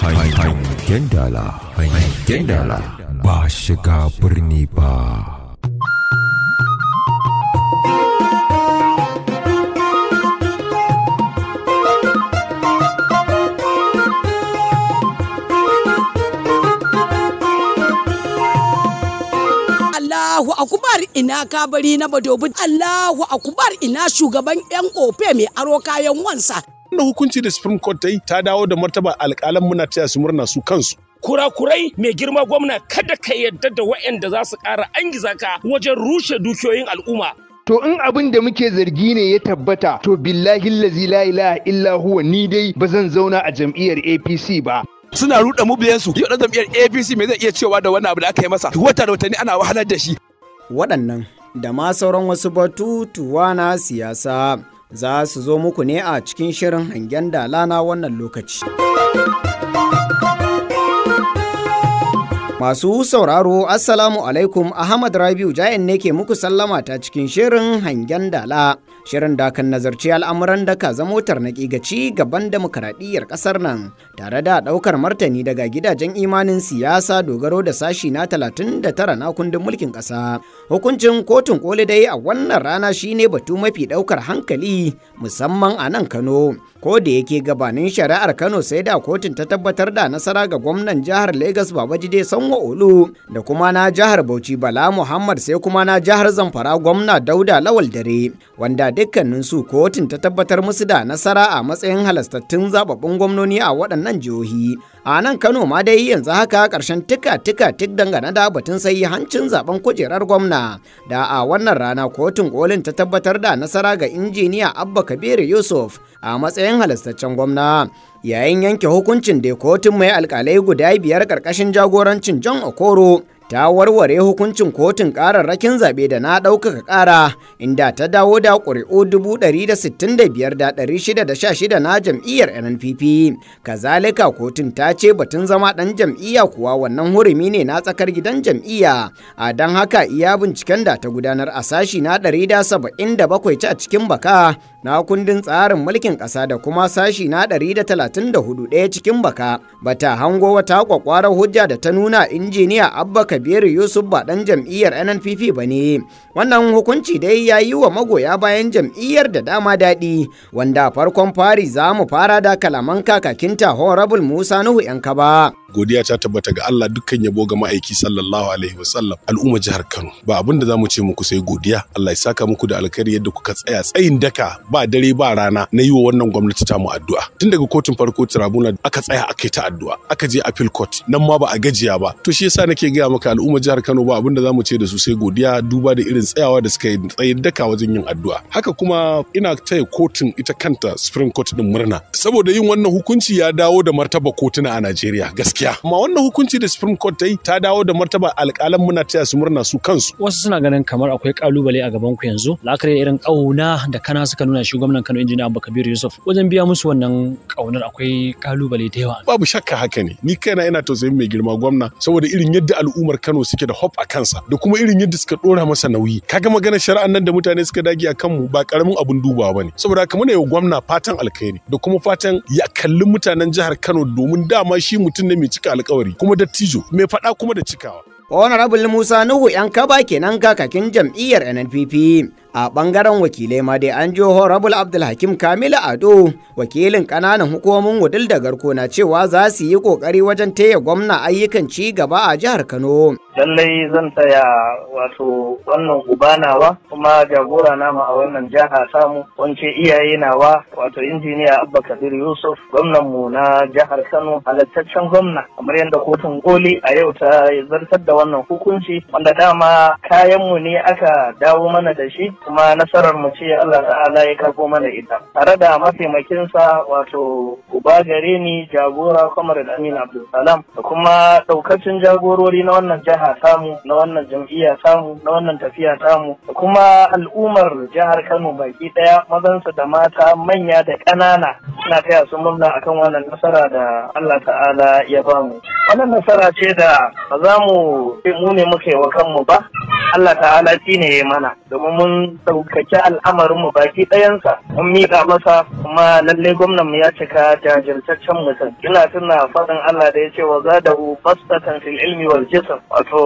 Hanyar Gendala, Gendala ba shiga birni ba. Allahu akubar ina kabari na badobi Allahu akubar ina shugaban 'yan ƙofe mai aro kayan wansa wannan hukunci da supreme court ta yi ta dawo da martaba alƙalan muna taya su murna su kansu kurakurai mai girma gwamna kada ka yarda da waɗanda za su ƙara an ka wajen rushe dukiyoyin al'umma to in abin da muke zargi ne ya tabbata to billahi lazi la ilaha illa huwa ni dai ba zan zauna a jam'iyyar APC ba suna ruɗa su, yau jam'iyyar APC me zai iya cewa da wannan abu da aka yi masa wata da watanni ana wahalar da shi waɗannan da ma sauran wasu batutuwa na siyasa za su zo muku ne a cikin shirin hangen dala na wannan lokaci. Masu sauraro Assalamu alaikum Ahmad Rabiu jayan ne ke muku sallama ta cikin shirin hangen dala. shirin da kan nazarci al'amuran da ka zamo tarnaƙi ga ci gaban demokaradiyyar ƙasar nan tare da ɗaukar martani daga gidajen imanin siyasa dogaro da sashi na 39 na kundin mulkin ƙasa hukuncin kotun koli dai a wannan rana shine batu mafi ɗaukar hankali musamman a nan kano ko da yake gabanin shari'ar kano sai da kotun ta tabbatar da nasara ga gwamnan jihar Legas lagos babajide sanwa olu da kuma na jihar bauchi bala muhammad sai kuma na jihar zamfara gwamna dauda lawal dare wanda dukkanin su kotun ta tabbatar musu da nasara a matsayin halastattun zababbun gwamnoni a waɗannan jihohi a nan kano ma dai yanzu haka ƙarshen tika tika tik dangane da batun sai hancin zaben kujerar gwamna da a wannan rana kotun kolin ta tabbatar da nasara ga injiniya abba kabiru yusuf a matsayin halastaccen gwamna yayin yanke hukuncin da kotun mai alkalai guda biyar karkashin jagorancin john okoro ta warware hukuncin kotun kararrakin zaɓe da na ɗaukaka ƙara inda ta dawo da ƙuri'u 165,616 na jam'iyyar nnpp kazalika kotun ta ce batun zama ɗan jam'iyya kuwa wannan hurumi ne na tsakar gidan jam'iyya a don haka iya binciken da ta gudanar a sashi na 177 a cikin baka na kundin tsarin mulkin ƙasa da kuma sashi na 134 ɗaya cikin baka bata hango wata kwakwarar hujja da ta nuna injiniya abba kabiru yusuf ba ɗan jam'iyyar nnpp ba ne wannan hukunci dai ya yi wa magoya bayan jam'iyyar da dama daɗi wanda farkon fari za mu fara da kalaman kakakinta horrible musa nuhu yanka ba. godiya ta tabbata ga Allah dukkan yabo ga ma'aiki sallallahu alaihi wasallam al'umma jihar Kano ba abin da zamu ce muku sai godiya Allah ya saka muku da alkhairi yadda kuka tsaya tsayin daka ba dare ba rana na yi wa wannan gwamnati ta mu addu'a tun daga kotun farko tribunal aka tsaya aka yi ta addu'a aka je appeal court nan ma ba a gajiya ba to shi yasa nake gaya maka al'umma jihar Kano ba abin da zamu ce da su sai godiya duba da irin tsayawa da suka yi tsayin daka wajen yin addu'a haka kuma ina taya kotun ita kanta Supreme Court din murna saboda yin wannan hukunci ya dawo da martaba kotuna a Najeriya gaskiya gaskiya amma wannan hukunci da supreme court ta yi ta dawo da martaba alƙalan muna taya su murna su kansu wasu suna ganin kamar akwai kalubale a gaban ku yanzu la'akari irin ƙauna da kana suka nuna shi gwamnan Kano injiniya Abba Kabir Yusuf wajen biya musu wannan ƙaunar akwai kalubale da yawa babu shakka haka ne ni kaina ina tausayin mai girma gwamna saboda irin yadda al'ummar Kano suke da hop a kansa da kuma irin yadda suka dora masa nauyi kaga magana shari'an nan da mutane suka dage a kanmu ba karamin abun dubawa bane saboda kamar muna gwamna fatan alkhairi da kuma fatan ya kalli mutanen jihar Kano domin dama shi mutum ne mai cika alkawari kuma dattijo mai faɗa kuma da cikawa. Honorable Musa Nuhu ‘yan kaba kenan kakakin jam'iyyar NNPP a ɓangaren wakilai ma dai an ji Honorable Abdulhakim Kamilu Ado wakilin ƙananan hukumomin wudil da garko na cewa za su yi ƙoƙari wajen taya gwamna ayyukan ci gaba a jihar Kano. lallai zan taya wato wannan nawa kuma jagora nama a wannan jiha samu wance iyaye nawa wato injiniya abba kabir yusuf gwamnan mu na jihar kano halittaccen gwamna kamar yadda kotun koli a yau ta zartar da wannan hukunci wanda dama kayanmu ne aka dawo mana da shi kuma nasarar mu ce Allah ta'ala ya karbo mana ita tare da mataimakinsa wato uba gare ni jagora kamar da amin abdulsalam da kuma daukacin jagorori na wannan jihar. samu na wannan jam'iyya samu na wannan tafiya samu kuma al'ummar jihar Kano baki daya mazansu da mata manya da ƙanana suna taya su murna akan wannan nasara da Allah ta'ala ya bamu wannan nasara ce da ba za mu mu ne muke wa kanmu ba Allah ta'ala shi ne mana domin mun ɗaukaki al'amarinmu baki ɗayansa mun miƙa masa kuma lallai gwamnan mu ya cika jajirtaccen mutum ina tuna faɗin Allah da ya ce wa za da hu fastatan fil ilmi wal jism to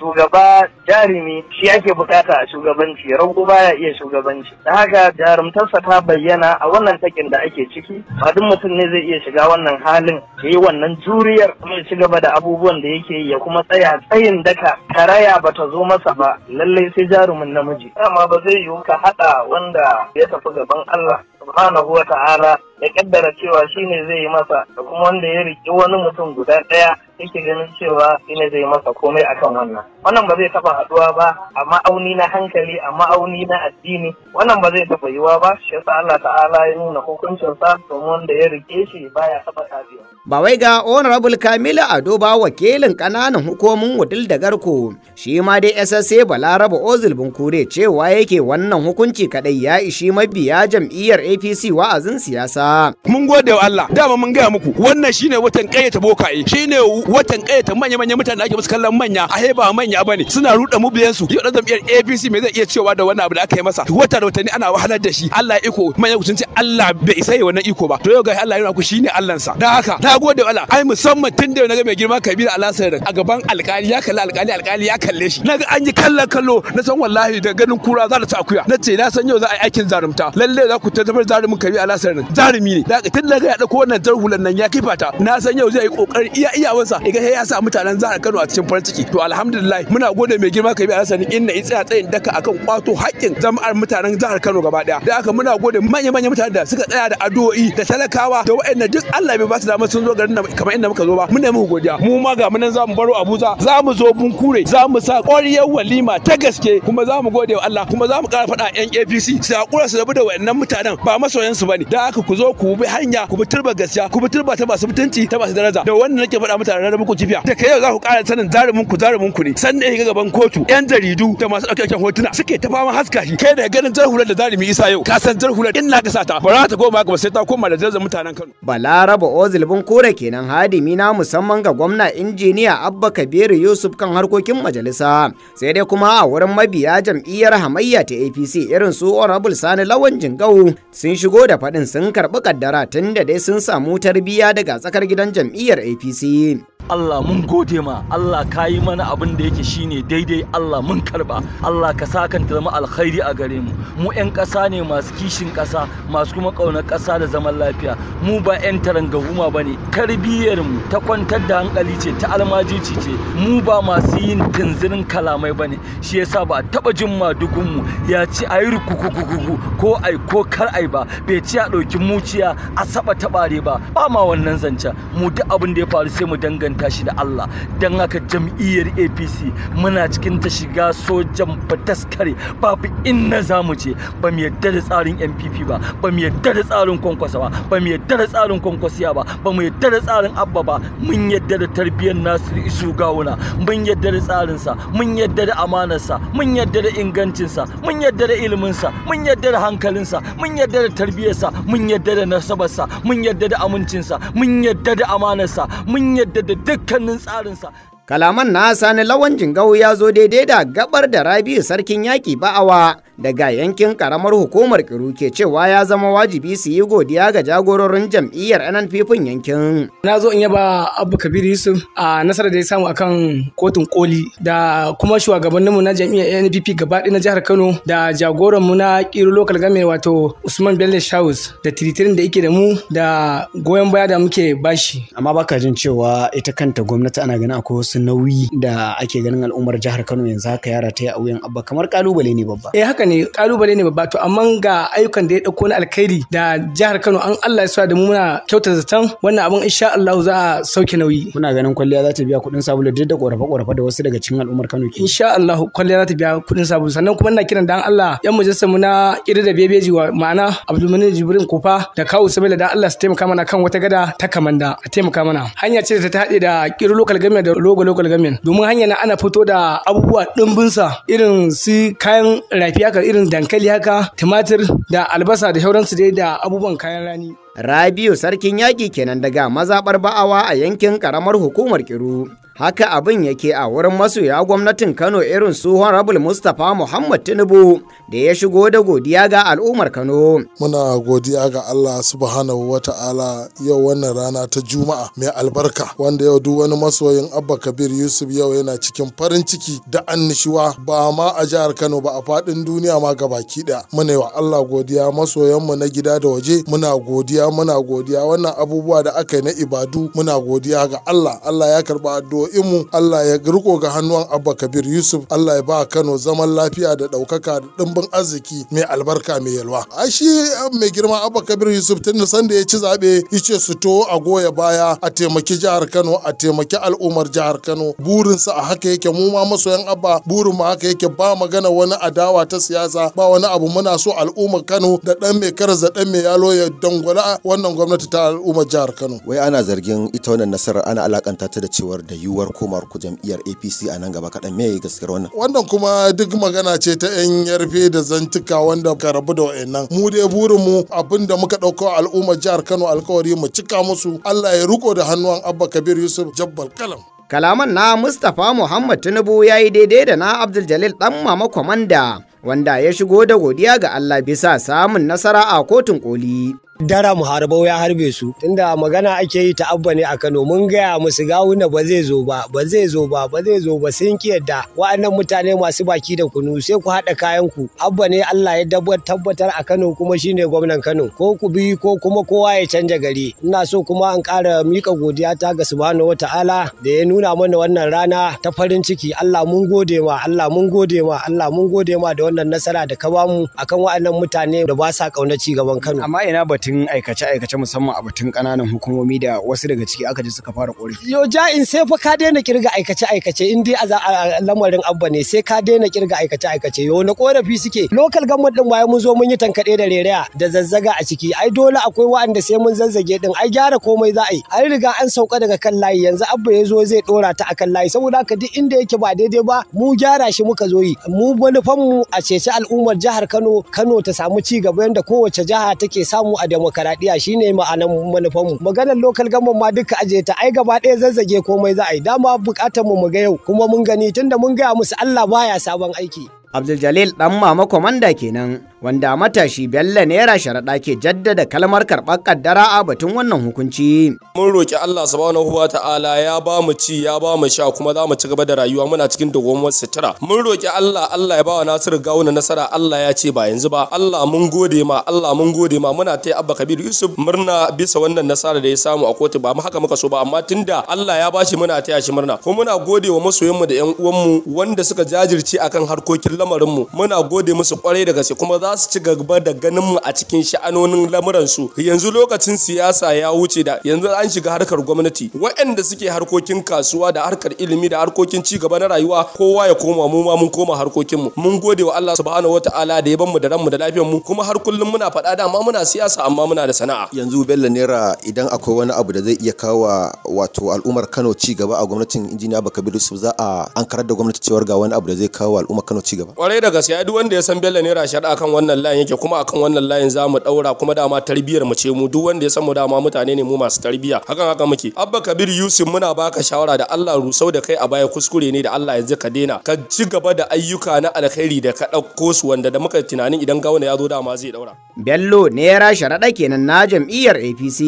shugaba jarumi shi ake bukata a shugabanci ba ya iya shugabanci da haka jarumtarsa ta bayyana a wannan takin da ake ciki ba duk mutum ne zai iya shiga wannan halin ya yi wannan juriyar kuma ya ci gaba da abubuwan da yake yi ya kuma tsaya tsayin daka karaya ba ta zo masa ba lallai sai jarumin namiji amma ba zai yiwu ka haɗa wanda ya tafi gaban Allah subhanahu wa ta'ala ya kaddara cewa shine zai yi masa da kuma wanda ya riki wani mutum guda ɗaya yake ganin cewa ina zai masa komai akan wannan wannan ba zai taba haduwa ba a ma'auni na hankali a ma'auni na addini wannan ba zai taba yiwa ba shi yasa Allah ta'ala ya nuna hukuncin sa domin da ya rike shi baya taba kafiya ba wai ga honorable Kamilu Ado ba wakilin kananan hukumomin Wudil da Garko shi ma dai SSA Balaraba Ozil Bunkure cewa yake wannan hukunci kadai ya ishi mabiya jam'iyyar APC wa'azin siyasa mun gode wa Allah dama mun gaya muku wannan shine watan kayyata boka'i shine watan kayyata manya manya mutane ake musu kallon manya a ba manya bane suna ruɗa biyan su yau dan jam'iyyar APC me zai iya cewa da wannan abu da aka yi masa wata da watanni ana wahalar da shi Allah iko manya ku ce Allah bai isa yi wannan iko ba to yau ga Allah yana ku shine Allah sa dan haka na gode Allah ai musamman tun da na ga mai girma Kabiru Alasan a gaban alkali ya kalli alkali alkali ya kalle shi na ga an yi kallon kallo na san wallahi da ganin kura za ta akuya na ce na san yau za a yi aikin zarumta lalle za ku tabbatar zarumin Kabiru Alasan zarumi ne da tun da ga ya dauko wannan jarhulan nan ya kifa ta na san yau zai yi kokari iya iyawansa sa iga ya sa mutanen jihar Kano a cikin farin ciki to alhamdulillah muna gode mai girma kai bi alasan inna in tsaya tsayin daka akan kwato haƙƙin jama'ar mutanen zahar Kano gaba daya da haka muna gode manya manya mutanen da suka tsaya da addu'o'i da talakawa da waɗanda duk Allah bai ba su damar sun zo garin nan kamar inda muka zo ba muna muku godiya mu ma ga munan zamu baro Abuja zamu zo Bunkure zamu sa ƙwariyar walima ta gaske kuma zamu gode wa Allah kuma zamu ƙara faɗa yan APC su hakura su rabu da waɗannan mutanen ba masoyan su bane da haka ku zo ku bi hanya ku bi turba gaskiya ku bi turba ta masu mutunci ta masu daraja da wannan nake faɗa mutanen ranar muku jibiya da yau za ku ƙara sanin zarumin ku zarumin ku ne san da ga gaban kotu yan jaridu da masu ɗauke hotuna suke ta fama haska shi kai da ganin jarhular da zarumi isa yau ka san jarhular in na ka sata ba za ta koma ba sai ta koma da jarzan mutanen Kano Balaraba Ozilbin Kore kenan hadimi na musamman ga gwamna injiniya Abba Kabiru Yusuf kan harkokin majalisa sai dai kuma a wurin mabiya jam'iyyar hamayya ta APC irin su Honorable Sani Lawan Jingau sun shigo da faɗin sun karɓi kaddara tun da dai sun samu tarbiyya daga tsakar gidan jam'iyyar APC. Allah mun gode ma Allah ka yi mana abin da yake shine daidai Allah mun karba Allah ka sakanta zama alkhairi a gare mu mu 'yan ƙasa ne masu kishin ƙasa masu kuma ƙaunar ƙasa da zaman lafiya mu ba 'yan tarangahuma ba ne tarbiyyar mu ta kwantar da hankali ce ta almajici ce mu ba masu yin tunzirin kalamai ba ne shi yasa ba taɓa jin madugun mu ya ci a yi rukukukuku ko ai ko kar ai ba bai ci a ɗauki muciya a saba taɓare ba ba ma wannan zancen mu duk abin da ya faru sai mu dangane danganta shi da Allah don haka jam'iyyar APC muna cikin ta shiga sojan fataskare babu inna za mu je ba mu yadda da tsarin MPP ba ba mu yadda da tsarin kwankwasa ba ba mu yadda da tsarin kwankwasiya ba ba mu yadda da tsarin abba ba mun yadda da tarbiyyar Nasiru Isu Gawuna mun yadda da tsarinsa mun yadda da amanarsa mun yadda da ingancinsa mun yadda da iliminsa mun yadda da hankalinsa mun yadda da tarbiyyarsa mun yadda da nasabarsa mun yadda da amincinsa mun yadda da amanarsa mun yadda da dukkanin tsarinsa kalaman na sani lawan jingau ya zo daidai da gabar da rabiu sarkin yaƙi ba'awa daga yankin karamar hukumar kiru ke cewa ya zama wajibi su yi godiya ga jagororin jam'iyyar NNPP yankin. Na zo in yaba Abu Kabir Yusuf a nasarar da ya samu akan kotun koli da kuma shugabanninmu na jam'iyyar NPP gaba na jihar Kano da jagoranmu na Kiru Local Government wato Usman Bello Shaus da tiritirin da ike da mu da goyon baya da muke bashi. Amma baka jin cewa ita kanta gwamnati ana ganin akwai wasu nauyi da ake ganin al'ummar jihar Kano yanzu haka yara ta yi a wuyan abba kamar kalubale ne babba. Eh haka ne kalubale ne babba to amma ga ayyukan da ya dauko na alkhairi da jihar Kano an Allah ya sa da muna kyauta zaton wannan abin insha Allah za a sauke nauyi muna ganin kwalliya za ta biya kuɗin sabulu duk da korafa korafa da wasu daga cikin al'ummar Kano ke insha Allah kwalliya za ta biya kuɗin sabulu sannan kuma ina kiran dan Allah yan mujassa mu na da bebeji wa ma'ana Abdulmanin Jibrin Kufa da Kawu Sabila da Allah su taimaka mana kan wata gada ta kamanda a taimaka mana hanya ce da ta haɗe da kiri local government da logo local government domin hanya na ana fito da abubuwa ɗimbinsa irin su kayan rafiya harkar irin dankali haka tumatir da albasa da shauransu dai da abubuwan kayan rani Rabiu sarkin yaƙi kenan daga mazaɓar ba'awa a yankin ƙaramar hukumar Kiru. haka abin yake a wurin masoya gwamnatin kano irin su honorable mustapha muhammad tinubu da ya shigo da godiya ga al'ummar kano muna godiya ga allah subhanahu wa ta'ala yau wannan rana ta juma'a mai albarka wanda yau duk wani masoyin abba kabir yusuf yau yana cikin farin ciki da annishuwa ba ma a jihar kano ba a faɗin duniya ma ga baki ɗaya muna wa allah godiya masoyanmu na gida da waje muna godiya muna godiya wannan abubuwa da aka yi na ibadu muna godiya ga allah allah ya karba addu'a addu'o'inmu Allah ya riko ga hannuwan Abba Kabir Yusuf Allah ya ba Kano zaman lafiya da ɗaukaka da ɗimbin arziki mai albarka mai yalwa. A shi um, mai girma Abba Kabir Yusuf tun da sanda ya ci zaɓe ya ce su to a goya baya a taimaki jihar Kano a taimaki al'ummar jihar Kano burinsa a haka yake mu ma masoyan Abba burin mu haka yake ba magana wani adawa ta siyasa ba wani abu muna so al'ummar Kano da ɗan mai karas da ɗan mai yalo ya dangwala wannan gwamnati ta al'ummar jihar Kano. Wai ana zargin ita wannan nasarar ana alakanta ta da cewar da yu yiwuwar komar ku jam'iyyar apc a nan gaba kaɗan me gaskiyar wannan wannan kuma duk magana ce ta yan yarfe da zantuka wanda ka rabu da wayannan mu dai burin mu abinda muka ɗauka al'ummar jihar kano alkawari mu cika musu allah ya riko da hannuwan abba kabir yusuf jabbal kalam kalaman na mustapha muhammad tinubu ya yi daidai da na abdul jalil dan mama kwamanda wanda ya shigo da godiya ga allah bisa samun nasara a kotun koli dara mu harbau ya harbe su tunda magana ake yi ta abba ne a Kano mun gaya musu gawuna ba zai zo ba ba zai zo ba ba zai zo ba sun ki yadda wa'annan mutane masu baki da kunu sai ku haɗa kayan ku abba ne Allah ya tabbatar a Kano kuma shine gwamnan Kano ko ku bi ko kuma kowa ya canja gari ina so kuma an ƙara mika godiya ta ga subhanahu wata'ala da ya nuna mana wannan rana ta farin ciki Allah mun gode ma Allah mun gode ma Allah mun gode ma da wannan nasara da ka bamu akan wa'annan mutane da ba sa kauna ci gaban Kano amma ina batun batun aikace-aikace musamman a batun kananan hukumomi da wasu daga ciki aka ji suka fara ƙorafi. Yo in sai fa ka daina kirga aikace-aikace in dai a lamarin abba ne sai ka daina kirga aikace-aikace yo na korafi suke local government din waye mun zo mun yi tankade da rereya da zazzaga a ciki ai dole akwai wa'anda sai mun zazzage din ai gyara komai za a yi an riga an sauka daga kan layi yanzu abba ya zo zai dora ta kan layi saboda haka duk inda yake ba daidai ba mu gyara shi muka zo yi mu manufanmu a ceci al'ummar jihar Kano Kano ta samu ci gaba yanda kowace jiha take samu a demokaradiyya shine ma'anan manufan mu maganar local government ma duka aje ta ai gaba ɗaya zazzage komai za a yi dama bukatar mu mu ga yau kuma mun gani tunda mun gaya musu Allah baya sabon aiki Abdul Jalil dan mama komanda kenan wanda matashi Bello Naira sharaɗa ke jaddada kalmar karɓar kaddara a batun wannan hukunci. Mun roƙi Allah subhanahu wa ta'ala ya ba mu ci ya ba mu sha kuma za mu ci gaba da rayuwa muna cikin dogomar sutura. Mun roƙi Allah Allah ya ba wa Nasiru Gawuna nasara Allah ya ce ba yanzu ba Allah mun gode ma Allah mun gode ma muna ta Abba Kabir Yusuf murna bisa wannan nasara da ya samu a kotu ba mu haka muka so ba amma tunda Allah ya bashi muna ta shi murna kuma muna gode wa masoyanmu da 'yan uwanmu wanda suka jajirce akan harkokin lamarin mu muna gode musu kwarai da gaske kuma za su ci gaba da ganin mu a cikin sha'anonin lamuransu yanzu lokacin siyasa ya wuce da yanzu an shiga harkar gwamnati waɗanda suke harkokin kasuwa da harkar ilimi da harkokin ci gaba na rayuwa kowa ya koma mu ma mun koma harkokin mu mun gode wa Allah subhanahu wataala da ya bamu da ranmu da lafiyar mu kuma har kullum muna faɗa da amma muna siyasa amma muna da sana'a yanzu Bello Naira idan akwai wani abu da zai iya kawo wato al'ummar Kano ci gaba a gwamnatin injiniya Bakabiru su za a ankarar da gwamnati cewar ga wani abu da zai kawo al'ummar Kano ci gaba kwarai da gaskiya duk wanda ya san bella nera shar'a kan wannan layin yake kuma akan wannan layin za mu daura kuma dama tarbiyar mu ce mu duk wanda ya san mu dama mutane ne mu masu tarbiya hakan haka muke abba kabir yusuf muna baka shawara da Allah rusau da kai a baya kuskure ne da Allah yanzu ka daina ka ci gaba da ayyuka na alkhairi da ka dauko su wanda da muka tunanin idan gauna ya zo dama zai daura bello ne ya rashe rada kenan na jam'iyyar APC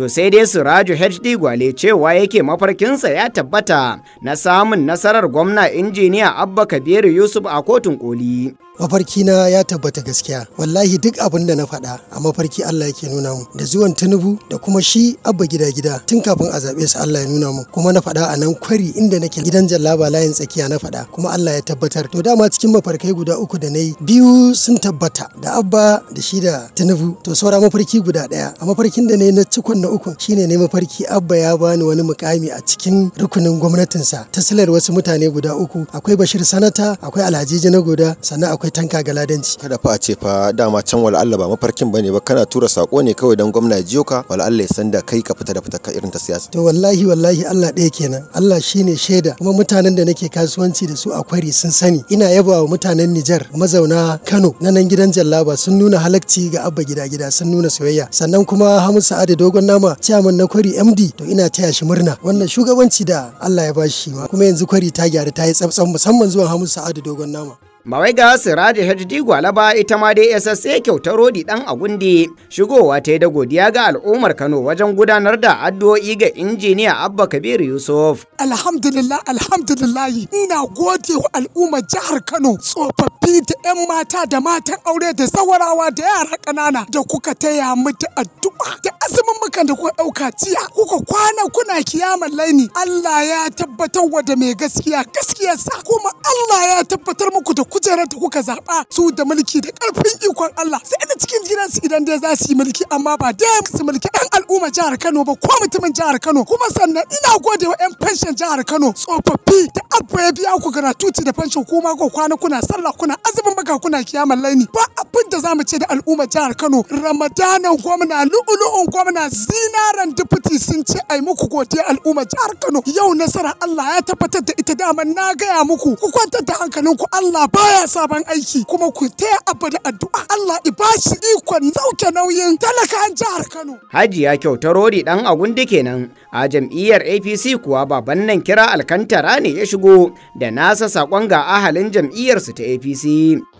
to sai dai su raju HD Gwale cewa yake mafarkinsa ya tabbata na samun nasarar gwamna injiniya Abba Kabir Yusuf a kotun koli mafarki na ya tabbata gaskiya wallahi duk abin da na faɗa a mafarki Allah yake nuna mu da zuwan tunubu da kuma shi abba gida gida tun kafin a zaɓe su Allah ya nuna mu kuma na faɗa a nan kwari inda nake gidan jallaba layin tsakiya na faɗa kuma Allah ya tabbatar to dama cikin mafarkai guda uku da nayi biyu sun tabbata da abba da shi da tunubu. to saura mafarki guda ɗaya a mafarkin da nayi na cikon na uku shine ne mafarki abba ya bani wani mukami a cikin rukunin gwamnatinsa ta silar wasu mutane guda uku akwai Bashir Sanata akwai Alhaji Janagoda sannan akwai akwai tanka ga ladanci kada fa a ce fa dama can wala Allah ba mafarkin bane ba kana tura sako ne kawai dan gwamna jiyo ka wala Allah ya san da kai ka fita da fita ka irin ta siyasa to wallahi wallahi Allah ɗaya kenan Allah shine shaida kuma mutanen da nake kasuwanci da su a kwari sun sani ina yaba wa mutanen Nijar mazauna Kano na nan gidan Jallaba sun nuna halakci ga abba gida gida sun nuna soyayya sannan kuma Hamu sa'adu dogon nama chairman na kwari MD to ina taya shi murna wannan shugabanci da Allah ya bashi ma kuma yanzu kwari ta gyara ta yi tsabtsan musamman zuwa Hamu sa'adu dogon nama Mawaiga Siraji HD Gwalaba ita ma dai SSA kyautar rodi dan agundi shigowa ta yi da godiya ga al'ummar Kano wajen gudanar da addu'o'i ga injiniya Abba Kabir Yusuf. Alhamdulillah alhamdulillah ina gode wa al'ummar jihar Kano tsofaffi da 'yan mata da matan aure da sawarawa da yara ƙanana da kuka taya mu da addu'a da azumin muka da kuka ɗauka jiya kuka kwana kuna kiyamar laini Allah ya tabbatar wa da mai gaskiya gaskiyarsa kuma Allah ya tabbatar muku da kujerar da kuka zaɓa su da mulki da ƙarfin ikon Allah sai da cikin su idan dai za su yi mulki amma ba dai su mulki ɗan al'umma jihar Kano ba ko mutumin jihar Kano kuma sannan ina gode wa 'yan fanshin jihar Kano tsofaffi da abba ya biya ku tuti da fanshin kuma ko kwana kuna sallah kuna azumin baka kuna kiyamar laini ba abin da zamu ce da al'umma jihar Kano ramadanan gwamna lu'ulu'un gwamna zinaran deputy sun ce ai muku godiya al'umma jihar Kano yau nasara Allah ya tabbatar da ita dama na gaya muku ku kwantar da hankalinku Allah ba baya sabon aiki kuma ku taya abu da addu'a Allah i bashi ikon sauke nauyin talakan jihar Kano. Hajiya kyautarori dan agundi nan. a jam'iyyar apc kuwa baban nan kira alkantara ne ya shigo da nasa sakon ga ahalin jam'iyyarsu ta apc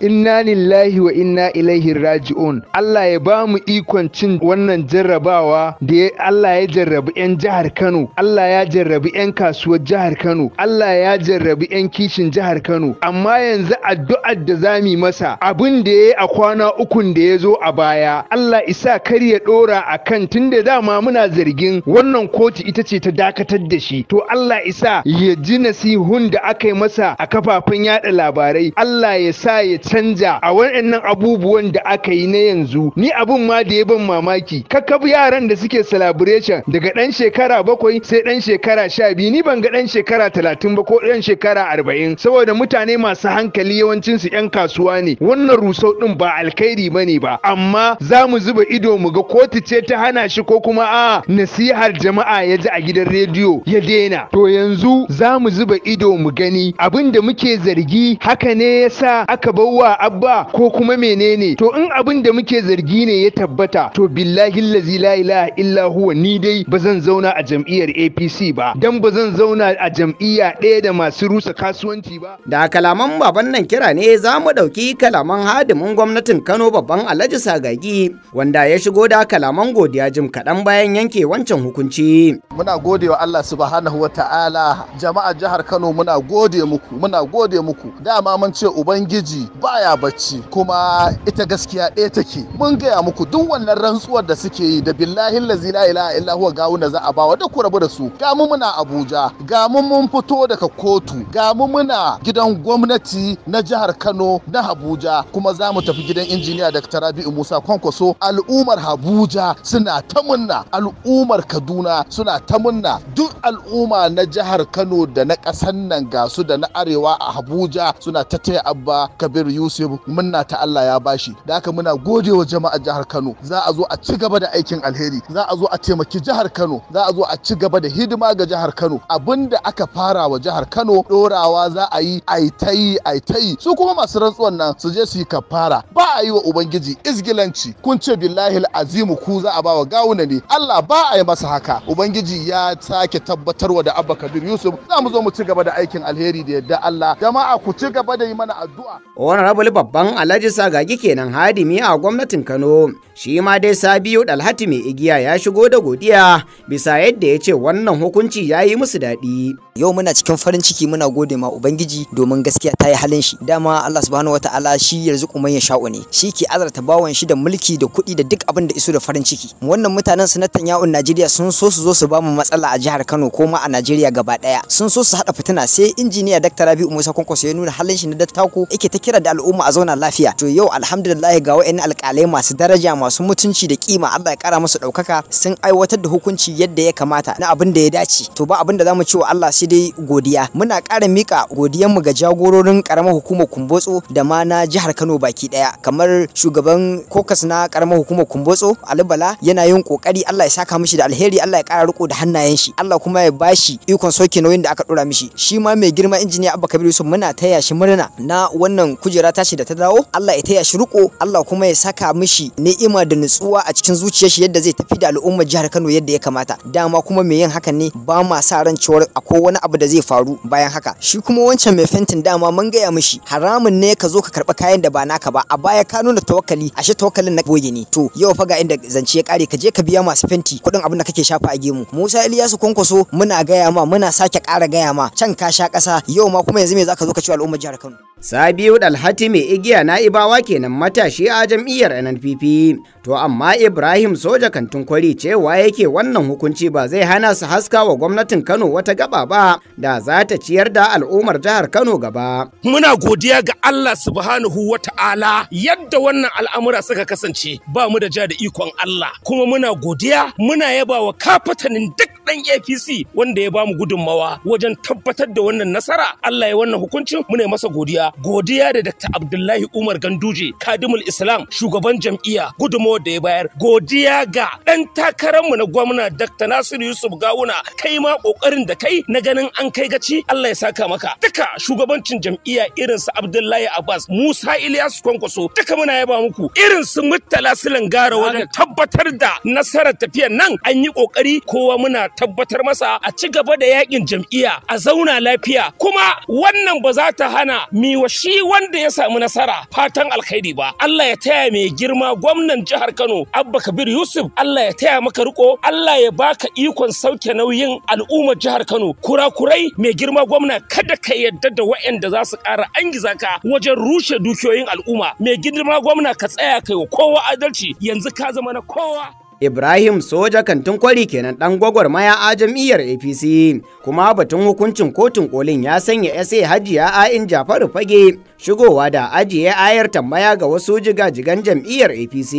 inna lillahi wa inna ilaihi raji'un allah ya ba mu ikon cin wannan jarrabawa da allah ya jarrabi 'yan jihar kano allah ya jarrabi 'yan kasuwar jihar kano allah ya jarrabi 'yan kishin jihar kano amma yanzu addu'ar da za masa abin da ya yi a kwana ukun da ya zo a baya allah isa kar ya ɗora a kan tunda dama muna zargin wannan kotu ita ce ta dakatar da shi to Allah isa ya ji nasihun da aka yi masa a kafafen yada labarai Allah ya sa ya canja a waɗannan abubuwan da aka yi na yanzu ni abun ma da ya ban mamaki kakkab yaran da suke celebration daga ɗan shekara bakwai sai ɗan shekara sha ni ban ga ɗan shekara talatin ba ko ɗan shekara arba'in saboda mutane masu hankali yawancin su kasuwa ne wannan rusau ɗin ba alkhairi bane ba amma za mu zuba ido mu ga kotu ce ta hana shi ko kuma a nasihar jama'a ya ji a gidan rediyo ya daina to yanzu za mu zuba ido mu gani abin da muke zargi haka ne yasa aka bawa abba ko kuma menene to in abin da muke zargi ne ya tabbata to billahi lazi la ilaha illa huwa ni dai ba zan zauna a jam'iyyar APC ba dan ba zan zauna a jam'iyya ɗaya da masu rusa kasuwanci ba da kalaman baban nan kira ne za mu ɗauki kalaman hadimin gwamnatin Kano babban Alhaji Sagagi wanda ya shigo da kalaman godiya jim kaɗan bayan yanke wancan hukunci muna gode wa Allah subhanahu wa ta'ala jama'a jihar Kano muna gode muku muna gode muku dama mun ce ubangiji baya bacci kuma ita gaskiya ɗaya take mun gaya muku duk wannan rantsuwar da suke yi da billahi lazi la ilaha illa huwa gawuna za a bawa da ku rabu da su ga mu muna Abuja ga mu mun fito daga kotu ga mu muna gidan gwamnati na jihar Kano na Abuja kuma za mu tafi gidan injiniya Dr. Rabi'u Musa Kwankwaso al'ummar Abuja suna ta munna al'ummar Kaduna suna suna ta munna duk al'umma na jihar Kano da na ƙasar nan ga su da na arewa a Abuja suna ta taya Abba Kabir Yusuf munna ta Allah ya bashi da haka muna gode wa jama'a jihar Kano za a zo a ci gaba da aikin alheri za a zo a taimaki jihar Kano za a zo a ci gaba da hidima ga jihar Kano abin da aka fara wa jihar Kano dorawa za a yi ai ta ai ta su kuma masu rantsuwan nan su je su yi kafara ba a yi wa ubangiji izgilanci kun ce billahi azimu ku za a ba wa gawuna ne Allah ba a yi masa haka ubangiji ubangiji ya sake tabbatarwa da abba kabir yusuf za mu zo mu ci gaba da aikin alheri da yadda allah jama'a ku ci gaba da yi mana addu'a honorable babban alhaji sagagi kenan hadimi a gwamnatin kano shi ma dai sabiu dalhati mai igiya ya shigo da godiya bisa yadda ya ce wannan hukunci ya yi musu daɗi yau muna cikin farin ciki muna gode ma ubangiji domin gaskiya ta yi halin shi dama allah subhanahu wataala shi yanzu kuma ya sha'u ne shi ke azarta bawan shi da mulki da kuɗi da duk abin da iso da farin ciki wannan mutanen sanatan yawon najeriya sun so su zo su su bamu matsala a jihar Kano ko ma a Najeriya gaba daya sun so su hada fitina sai injiniya Dr. Rabi'u Musa Kwankwaso ya nuna halin shi na dattako yake ta kira da al'umma a zauna lafiya to yau alhamdulillah ga wayannan alƙalai masu daraja masu mutunci da kima Allah ya kara musu ɗaukaka sun aiwatar da hukunci yadda ya kamata na abin da ya dace to ba abin da zamu ce wa Allah sai dai godiya muna ƙara mika mu ga jagororin karamar hukumar Kumbotso da ma na jihar Kano baki daya kamar shugaban kokas na karamar hukumar Kumbotso Ali Bala yana yin kokari Allah ya saka mishi da alheri Allah ya kara riko da hannayen shi Allah kuma ya bashi ikon soke nauyin da aka dora mishi shi ma mai girma injiniya Abba Kabir Yusuf muna taya shi murna na wannan kujera tashi da ta dawo Allah ya taya shi riko Allah kuma ya saka mishi ni'ima da nutsuwa a cikin zuciyar shi yadda zai tafi da al'ummar jihar Kano yadda ya kamata dama kuma mai yin hakan ne ba ma sa ran cewa akwai wani abu da zai faru bayan haka shi kuma wancan mai fentin dama mun gaya mishi haramun ne ka zo ka karba kayan da ba naka ba a baya ka nuna tawakkali ashe tawakkalin na boye ne to yau fa ga inda zance ya kare ka je ka biya masu fenti kuɗin abin da kake shafa a gemu Musa Iliyasu Kwankwaso muna gaya ma muna sake ƙara gaya ma can ka sha ƙasa yau ma kuma yanzu me zaka zo ka ci al'ummar jihar Kano Sabiu Dalhati mai igiya na'ibawa kenan matashi a jam'iyyar NNPP. To amma Ibrahim Soja kantin kwari cewa yake wannan hukunci ba zai hana su haska wa gwamnatin Kano wata gaba ba da za ta ciyar da al'ummar jihar Kano gaba. Muna godiya ga Allah subhanahu wa ta'ala yadda wannan al'amura suka kasance ba mu da ja da ikon Allah kuma muna godiya muna yaba wa kafatanin duk dan APC wanda ya bamu gudunmawa wajen tabbatar da wannan nasara Allah ya wannan hukuncin Muna ne masa godiya godiya da Dr. Abdullahi Umar Ganduje Kadimul Islam shugaban jam'iyya gudunmawar da ya bayar godiya ga dan takarar mu na gwamna Dr. Nasiru Yusuf Gawuna kai ma kokarin da kai na ganin an kai gaci Allah ya saka maka duka shugabancin jam'iyya irin su Abdullahi Abbas Musa Ilyas Kwankwaso duka muna yaba muku irin su Murtala Silangara wajen tabbatar da nasarar tafiyar nan an yi kokari kowa muna tabbatar masa a ci gaba da yakin jam'iyya a zauna lafiya kuma wannan ba za ta hana miwa shi wanda ya samu nasara fatan alkhairi ba Allah ya taya mai girma gwamnan jihar Kano Abba Kabir Yusuf Allah ya taya maka riko Allah ya baka ikon sauke nauyin al'ummar jihar Kano kurakurai mai girma gwamna kada ka yadda da waɗanda za su ƙara angiza ka wajen rushe dukiyoyin al'umma mai girma gwamna ka tsaya kai wa kowa adalci yanzu ka zama na kowa Ibrahim Soja kantin kwari kenan dan maya a jam'iyyar APC kuma batun hukuncin kotun kolin ya sanya SA Hajiya A'in Jafaru Fage shigowa da ajiye ayar tambaya ga wasu jigajigan jam'iyyar apc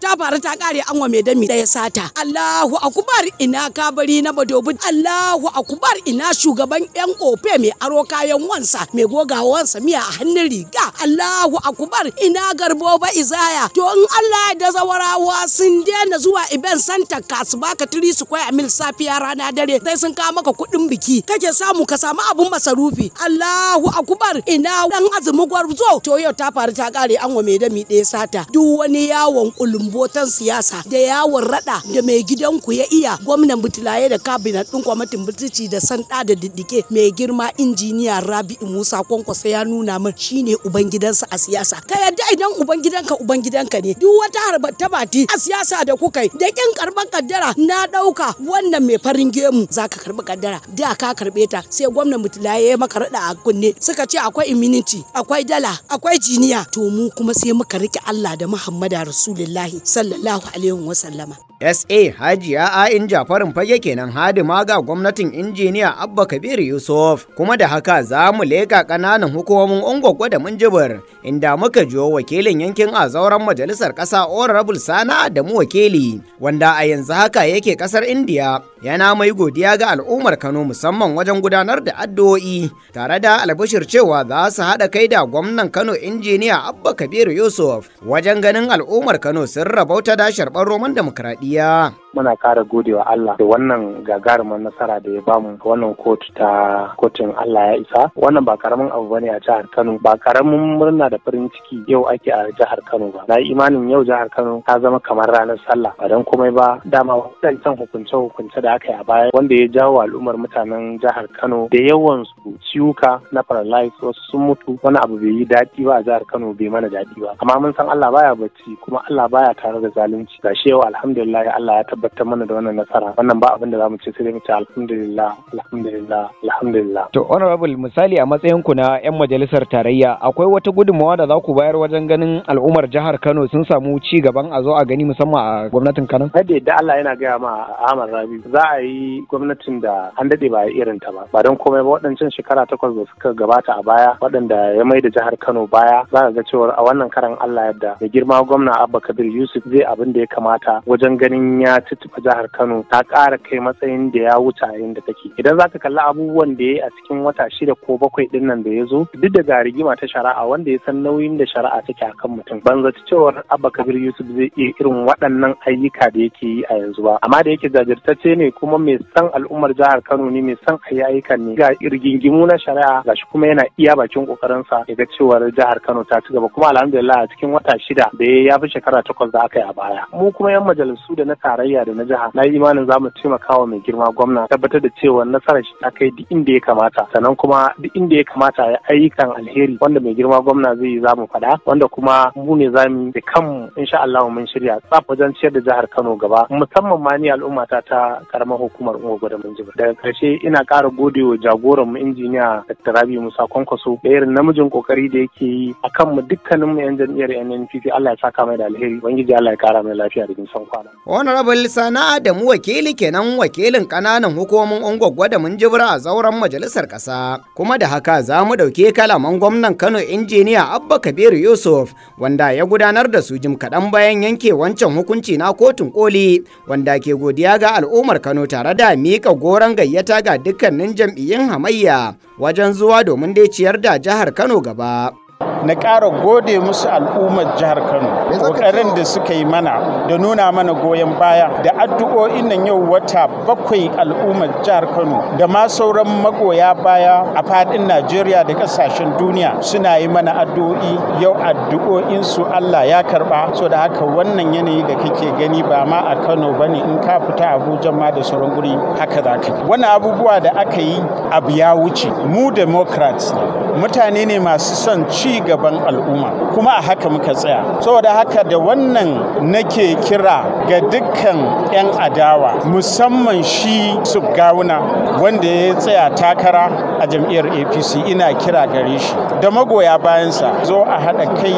ta faru ta kare anwa mai dami ɗaya sata Allahu akubar ina kabari na badobin Allahu akubar ina shugaban yan ofe mai aro kayan wansa mai goga wansa miya a hannun riga Allahu akubar ina garbo ba izaya to in Allah da zawarawa sun daina zuwa iben santa kasu baka tiri su kwai mil safiya rana dare sai sun kawo maka kuɗin biki kake samu ka samu abun masarufi Allahu akubar ina dan mugwar zo to yau ta faru ta kare an wa mai dami ɗaya sata duk wani yawon kulumbotan siyasa da yawon rada da mai gidanku ya iya gwamnan butulaye da kabinet din kwamitin butici da sanda da diddike mai girma injiniya rabi musa kwankwasa ya nuna min shine uban gidansa a siyasa ka yadda idan uban gidanka uban gidanka ne duk wata harba ta bati a siyasa da kuka da kin karban kaddara na ɗauka wannan mai farin gemu zaka karbi kaddara da ka karbe ta sai gwamnan butulaye ya maka rada a kunne suka ce akwai immunity akwai dala akwai jiniya to mu kuma sai muka riƙe Allah da Muhammadu Rasulullahi sallallahu alaihi sallama SA Hajiya A'in Jafarin fage kenan hadima ga gwamnatin injiniya Abba Kabir Yusuf kuma da haka za mu leka kananan hukumomin Ungwagwa da Minjibir inda muka jiwo wakilin yankin a zauren majalisar ƙasa Honorable Sana da mu wakili wanda a yanzu haka yake ƙasar Indiya yana mai godiya ga al'ummar Kano musamman wajen gudanar da addu'o'i tare da albashir cewa za su haɗa kai shaida gwamnan Kano injiniya Abba Kabiru Yusuf wajen ganin al'ummar Kano sun rabauta da sharɓar Roman demokradiyya. Muna ƙara godewa Allah da wannan gagarumar nasara da ya bamu wannan kotu ta kotun Allah ya isa. Wannan ba karamin abu bane a jihar Kano ba karamin murna da farin ciki yau ake a jihar Kano ba. Na imanin yau jihar Kano ta zama kamar ranar sallah ba don komai ba dama can hukunce-hukunce da aka yi a baya wanda ya jawo al'ummar mutanen jihar Kano da yawan su ciwuka na paralysis wasu sun mutu wani abu bai yi daɗi ba a jihar Kano bai mana daɗi ba amma mun san Allah baya bacci kuma Allah baya tare da zalunci Ga shi yau alhamdulillah Allah ya tabbatar mana da wannan nasara wannan ba abin da zamu ce sai dai mu ce alhamdulillah alhamdulillah alhamdulillah to honorable misali a matsayin ku na yan majalisar tarayya akwai wata gudunmawa da za ku bayar wajen ganin al'ummar jihar Kano sun samu ci gaban a zo a gani musamman a gwamnatin Kano kada yadda Allah yana gaya ma Ahmad Rabi za a yi gwamnatin da an dade ba irin ta ba ba don komai ba waɗancan shekara takwas da suka gabata a baya waɗanda ya mai da jihar Kano baya za ga cewar a wannan karan Allah yadda da girma gwamna Abba Kabir Yusuf zai abin da ya kamata wajen ganin ya tuttuba jihar Kano ta ƙara kai matsayin da ya wuce a inda take idan zaka kalli abubuwan da ya yi a cikin wata shida ko bakwai din nan da ya zo duk da ga rigima ta shari'a wanda ya san nauyin da shari'a take a kan mutum ban zaci cewar Abba Kabir Yusuf zai iya irin waɗannan ayyuka da yake yi a yanzu ba amma da yake jajirtacce ne kuma mai san al'ummar jihar Kano ne mai san ayyukan ne ga rigingimu na shari'a gashi kuma yana iya bakin sa gaba ga cewar jihar Kano ta ci gaba kuma alhamdulillah a cikin wata shida da ya fi shekara takwas da aka yi a baya. Mu kuma yan majalisu da na tarayya da na jiha na yi imanin za mu taimaka wa mai girma gwamna tabbatar da cewa nasarar shi ta kai duk inda ya kamata sannan kuma duk inda ya kamata ya ayyukan alheri wanda mai girma gwamna zai yi za mu faɗa wanda kuma mu ne za mu da kanmu insha Allah mun shirya tsaf wajen ciyar da jihar Kano gaba musamman ma ni al'ummata ta karamar hukumar Ungwagwa da Minjibir. Daga ƙarshe ina ƙara gode wa jagoranmu injiniya Dr. Rabi Musa Kwankwaso da irin namijin kokari da yake yi a kan mu dukkanin mu yan jam'iyyar NNPP Allah ya saka mai da alheri bangiji Allah ya kara mai lafiya da nisan kwana honorable sana'a da mu wakili kenan wakilin kananan hukumomin ungwaggwa da mun jibra a zauren majalisar kasa kuma da haka za mu dauke kalaman gwamnan Kano injiniya Abba Kabiru Yusuf wanda ya gudanar da su jim kaɗan bayan yanke wancan hukunci na kotun koli wanda ke godiya ga al'ummar Kano tare da mika goron gayyata ga dukkanin jam'iyyun hamayya wajen zuwa domin dai ciyar da jihar Kano Kano gaba. na ƙara gode musu al'ummar jihar Kano ƙoƙarin da suka yi mana da nuna mana goyon baya da addu'o'in nan yau wata bakwai al'ummar jihar Kano da ma sauran magoya baya a faɗin Najeriya da ƙasashen duniya suna yi mana addu'o'i yau addu'o'in su Allah ya karɓa so da haka wannan yanayi da kake gani ba ma a Kano ba ne in ka fita Abuja ma da sauran guri haka za ka wannan abubuwa da aka yi abu ya wuce mu democrats mutane ne masu son ci gaban al'umma kuma a haka muka tsaya saboda haka da wannan nake kira ga dukkan 'yan adawa musamman shi subgawuna wanda ya tsaya takara a jam'iyyar apc ina kira gare shi da magoya bayansa zo a haɗa kai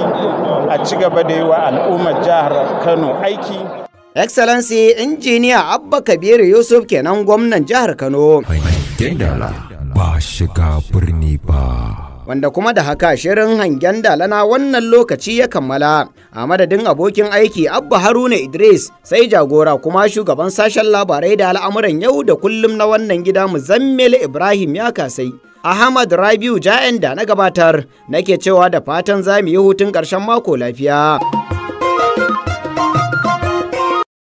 a ci gaba da yi wa al'ummar jihar kano aiki excellency injiniya abba kabiru yusuf kenan gwamnan jihar kano ba shiga birni ba wanda kuma da haka shirin hangen dalana wannan lokaci ya kammala a madadin abokin aiki abba haruna idris sai jagora kuma shugaban sashen labarai da al'amuran yau da kullum na wannan gida muzammil ibrahim ya kasai ahmad rabiu ja'en da na gabatar nake cewa da fatan za mu yi hutun ƙarshen mako lafiya.